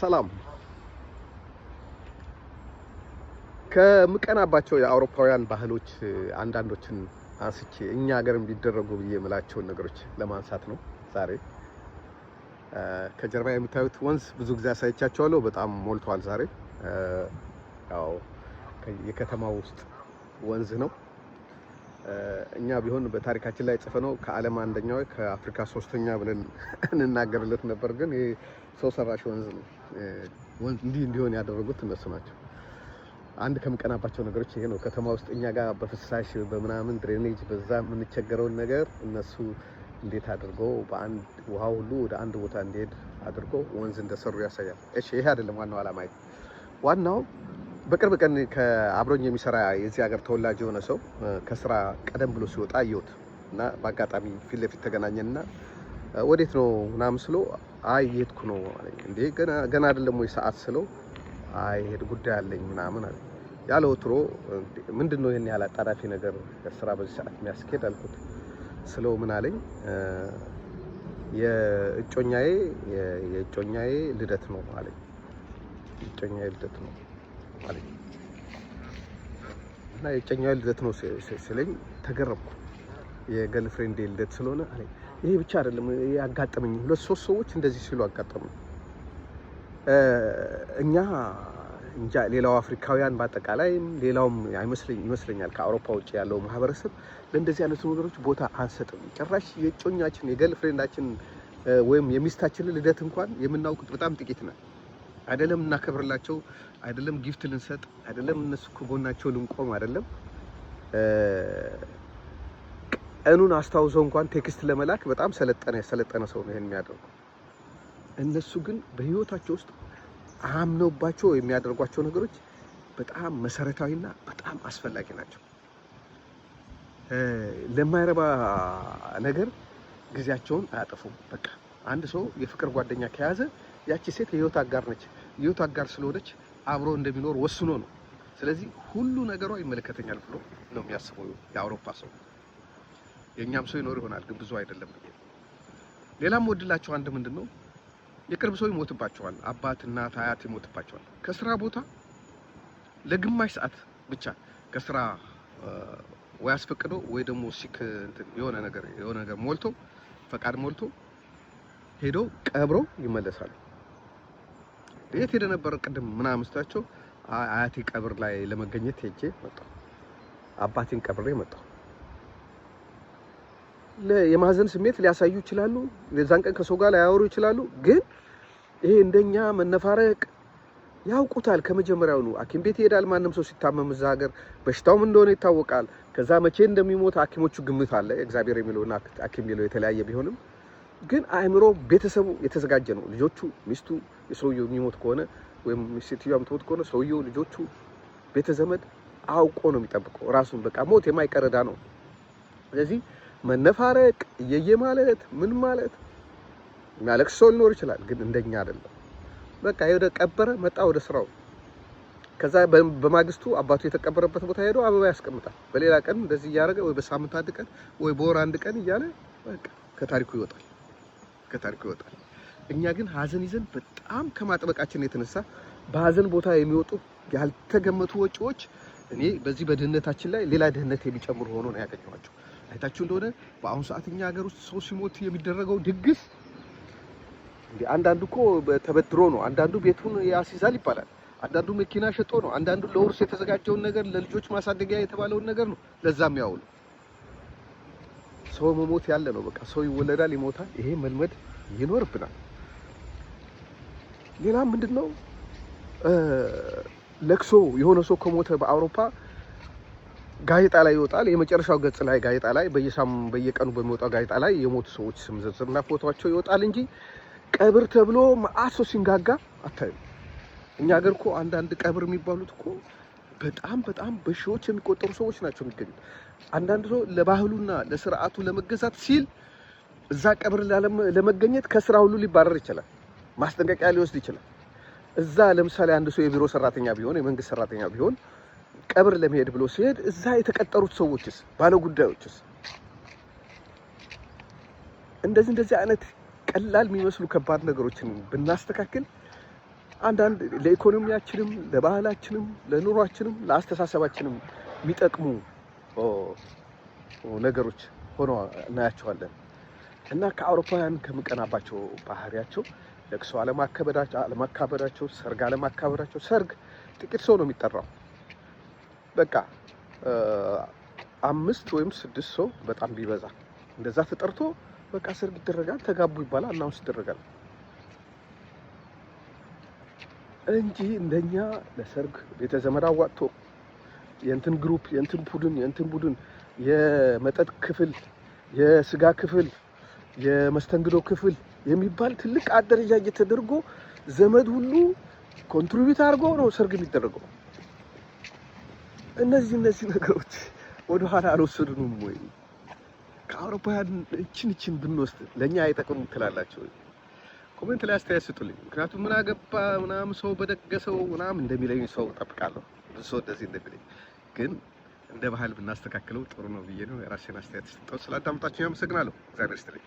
ሰላም ከምቀናባቸው የአውሮፓውያን ባህሎች አንዳንዶችን አንስቼ እኛ ሀገር እንዲደረጉ ብዬ የምላቸውን ነገሮች ለማንሳት ነው ዛሬ። ከጀርባ የምታዩት ወንዝ ብዙ ጊዜ አሳይቻቸዋለሁ። በጣም ሞልቷል ዛሬ። ያው የከተማው ውስጥ ወንዝ ነው። እኛ ቢሆን በታሪካችን ላይ ጽፈ ነው ከዓለም አንደኛ ከአፍሪካ ሶስተኛ ብለን እንናገርለት ነበር። ግን ይህ ሰው ሰራሽ ወንዝ ነው። ወንዝ እንዲህ እንዲሆን ያደረጉት እነሱ ናቸው። አንድ ከምቀናባቸው ነገሮች ይሄ ነው። ከተማ ውስጥ እኛ ጋር በፍሳሽ በምናምን ድሬኔጅ በዛ የምንቸገረውን ነገር እነሱ እንዴት አድርገው በአንድ ውሃ ሁሉ ወደ አንድ ቦታ እንዲሄድ አድርገው ወንዝ እንደሰሩ ያሳያል። እሺ ይሄ አይደለም ዋናው አላማ። ዋናው በቅርብ ቀን ከአብሮኝ የሚሰራ የዚህ ሀገር ተወላጅ የሆነ ሰው ከስራ ቀደም ብሎ ሲወጣ አየሁት እና በአጋጣሚ ፊት ለፊት ተገናኘንና ወዴት ነው ምናምን ስለው አይ የሄድኩ ነው አለኝ። እንዴ ገና አይደለም ወይ ሰዓት ስለው አይ ሄድ ጉዳይ አለኝ ምናምን አለ። ያለ ወትሮ ምንድን ነው ይህን ያህል አጣዳፊ ነገር ስራ በዚህ ሰዓት የሚያስኬድ አልኩት ስለው ምን አለኝ የእጮኛዬ የእጮኛዬ ልደት ነው አለኝ። እጮኛዬ ልደት ነው አለኝ እና የብቸኛዋ ልደት ነው ስለኝ ተገረምኩ። የገል ፍሬንዴ ልደት ስለሆነ አለኝ። ይሄ ብቻ አይደለም ያጋጠመኝ፣ ሁለት ሶስት ሰዎች እንደዚህ ሲሉ አጋጠመኝ። እኛ እንጃ ሌላው አፍሪካውያን በአጠቃላይ ሌላውም ይመስለኛል ከአውሮፓ ውጭ ያለው ማህበረሰብ ለእንደዚህ አይነቱ ነገሮች ቦታ አንሰጥም። ጭራሽ የጮኛችን የገል ፍሬንዳችን ወይም የሚስታችንን ልደት እንኳን የምናውቁት በጣም ጥቂት ነን። አይደለም እናከብርላቸው፣ አይደለም ጊፍት ልንሰጥ፣ አይደለም እነሱ ከጎናቸው ልንቆም፣ አይደለም ቀኑን አስታውሰው እንኳን ቴክስት ለመላክ በጣም ሰለጠነ ሰለጠነ ሰው ነው ይሄን የሚያደርገው። እነሱ ግን በህይወታቸው ውስጥ አምነውባቸው የሚያደርጓቸው ነገሮች በጣም መሰረታዊና በጣም አስፈላጊ ናቸው። ለማይረባ ነገር ጊዜያቸውን አያጠፉም። በቃ አንድ ሰው የፍቅር ጓደኛ ከያዘ ያቺ ሴት የህይወት አጋር ነች። የህይወቱ አጋር ስለሆነች አብሮ እንደሚኖር ወስኖ ነው። ስለዚህ ሁሉ ነገሯ ይመለከተኛል ብሎ ነው የሚያስበው የአውሮፓ ሰው። የእኛም ሰው ይኖር ይሆናል ግን ብዙ አይደለም። ሌላም ወድላቸው አንድ ምንድን ነው የቅርብ ሰው ይሞትባቸዋል። አባት፣ እናት፣ አያት ይሞትባቸዋል። ከስራ ቦታ ለግማሽ ሰዓት ብቻ ከስራ ወይ አስፈቅዶ ወይ ደግሞ ሲክ የሆነ ነገር የሆነ ነገር ሞልቶ ፈቃድ ሞልቶ ሄዶ ቀብሮ ይመለሳሉ። የት ሄደ ነበር ቅድም ምናምን ስታቸው አያቴ ቀብር ላይ ለመገኘት ሄጄ መጣሁ። አባቴን ቀብሬ መጣሁ። የማዘን ስሜት ሊያሳዩ ይችላሉ። የዛን ቀን ከሰው ጋር ሊያወሩ ይችላሉ። ግን ይሄ እንደኛ መነፋረቅ ያውቁታል ከመጀመሪያውኑ። ሐኪም ቤት ይሄዳል ማንም ሰው ሲታመም እዛ ሀገር በሽታውም እንደሆነ ይታወቃል። ከዛ መቼ እንደሚሞት ሐኪሞቹ ግምት አለ። እግዚአብሔር የሚለውና ሐኪም የሚለው የተለያየ ቢሆንም ግን አእምሮ ቤተሰቡ የተዘጋጀ ነው። ልጆቹ፣ ሚስቱ፣ የሰውየው የሚሞት ከሆነ ወይም ሴትዮዋ የምትሞት ከሆነ ሰውየው፣ ልጆቹ፣ ቤተዘመድ አውቆ ነው የሚጠብቀው ራሱን። በቃ ሞት የማይቀረዳ ነው። ስለዚህ መነፋረቅ እየየ ማለት ምን ማለት የሚያለቅስ ሰው ሊኖር ይችላል፣ ግን እንደኛ አይደለም። በቃ ወደ ቀበረ መጣ ወደ ስራው። ከዛ በማግስቱ አባቱ የተቀበረበት ቦታ ሄዶ አበባ ያስቀምጣል። በሌላ ቀን እንደዚህ እያደረገ ወይ በሳምንት አንድ ቀን ወይ በወር አንድ ቀን እያለ በቃ ከታሪኩ ይወጣል። ከታሪኩ ይወጣል። እኛ ግን ሀዘን ይዘን በጣም ከማጥበቃችን የተነሳ በሀዘን ቦታ የሚወጡ ያልተገመቱ ወጪዎች እኔ በዚህ በድህነታችን ላይ ሌላ ድህነት የሚጨምሩ ሆኖ ነው ያገኘኋቸው። አይታችሁ እንደሆነ በአሁኑ ሰዓት እኛ ሀገር ውስጥ ሰው ሲሞት የሚደረገው ድግስ አንዳንዱ እኮ ተበድሮ ነው፣ አንዳንዱ ቤቱን ያስይዛል ይባላል፣ አንዳንዱ መኪና ሸጦ ነው፣ አንዳንዱ ለውርስ የተዘጋጀውን ነገር ለልጆች ማሳደጊያ የተባለውን ነገር ነው ለዛም ያውሉ ሰው መሞት ያለ ነው። በቃ ሰው ይወለዳል፣ ይሞታል። ይሄ መልመድ ይኖርብናል። ሌላ ምንድን ነው ለቅሶ የሆነ ሰው ከሞተ በአውሮፓ ጋዜጣ ላይ ይወጣል። የመጨረሻው ገጽ ላይ ጋዜጣ ላይ በየሳም በየቀኑ በሚወጣው ጋዜጣ ላይ የሞቱ ሰዎች ስም ዝርዝርና ፎቶቸው ይወጣል እንጂ ቀብር ተብሎ መአሶ ሲንጋጋ አታዩ። እኛ ሀገር እኮ አንዳንድ ቀብር የሚባሉት እኮ በጣም በጣም በሺዎች የሚቆጠሩ ሰዎች ናቸው የሚገኙት። አንዳንድ ሰው ለባህሉና ለስርዓቱ ለመገዛት ሲል እዛ ቀብር ለመገኘት ከስራ ሁሉ ሊባረር ይችላል። ማስጠንቀቂያ ሊወስድ ይችላል። እዛ ለምሳሌ አንድ ሰው የቢሮ ሰራተኛ ቢሆን የመንግስት ሰራተኛ ቢሆን ቀብር ለመሄድ ብሎ ሲሄድ እዛ የተቀጠሩት ሰዎችስ፣ ባለጉዳዮችስ እንደዚህ እንደዚህ አይነት ቀላል የሚመስሉ ከባድ ነገሮችን ብናስተካክል አንዳንድ ለኢኮኖሚያችንም፣ ለባህላችንም፣ ለኑሯችንም፣ ለአስተሳሰባችንም የሚጠቅሙ ነገሮች ሆኖ እናያቸዋለን እና ከአውሮፓውያን ከምቀናባቸው ባህሪያቸው ለቅሶ አለማካበዳቸው፣ ሰርግ አለማካበዳቸው። ሰርግ ጥቂት ሰው ነው የሚጠራው። በቃ አምስት ወይም ስድስት ሰው በጣም ቢበዛ እንደዛ ተጠርቶ በቃ ሰርግ ይደረጋል፣ ተጋቡ ይባላል፣ አናውንስ ይደረጋል። እንጂ እንደኛ ለሰርግ ቤተዘመድ አዋጥቶ የእንትን ግሩፕ የእንትን ቡድን የእንትን ቡድን የመጠጥ ክፍል፣ የስጋ ክፍል፣ የመስተንግዶ ክፍል የሚባል ትልቅ አደረጃጀት ተደርጎ ዘመድ ሁሉ ኮንትሪቢዩት አድርጎ ነው ሰርግ የሚደረገው። እነዚህ እነዚህ ነገሮች ወደኋላ አልወሰዱንም ወይ? ከአውሮፓውያን እችን እችን ብንወስድ ለእኛ አይጠቅሙም ትላላቸው? ኮሜንት ላይ አስተያየት ስጡልኝ። ምክንያቱም ምን አገባ ምናምን ሰው በደገሰው ምናምን እንደሚለኝ ሰው ጠብቃለሁ። ብዙ ሰው እንደዚህ እንደሚለኝ ግን እንደ ባህል ብናስተካክለው ጥሩ ነው ብዬ ነው የራሴን አስተያየት ስጠው። ስላዳምጣችሁ ያመሰግናለሁ። እግዚአብሔር ይስጥልኝ።